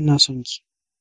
nasionki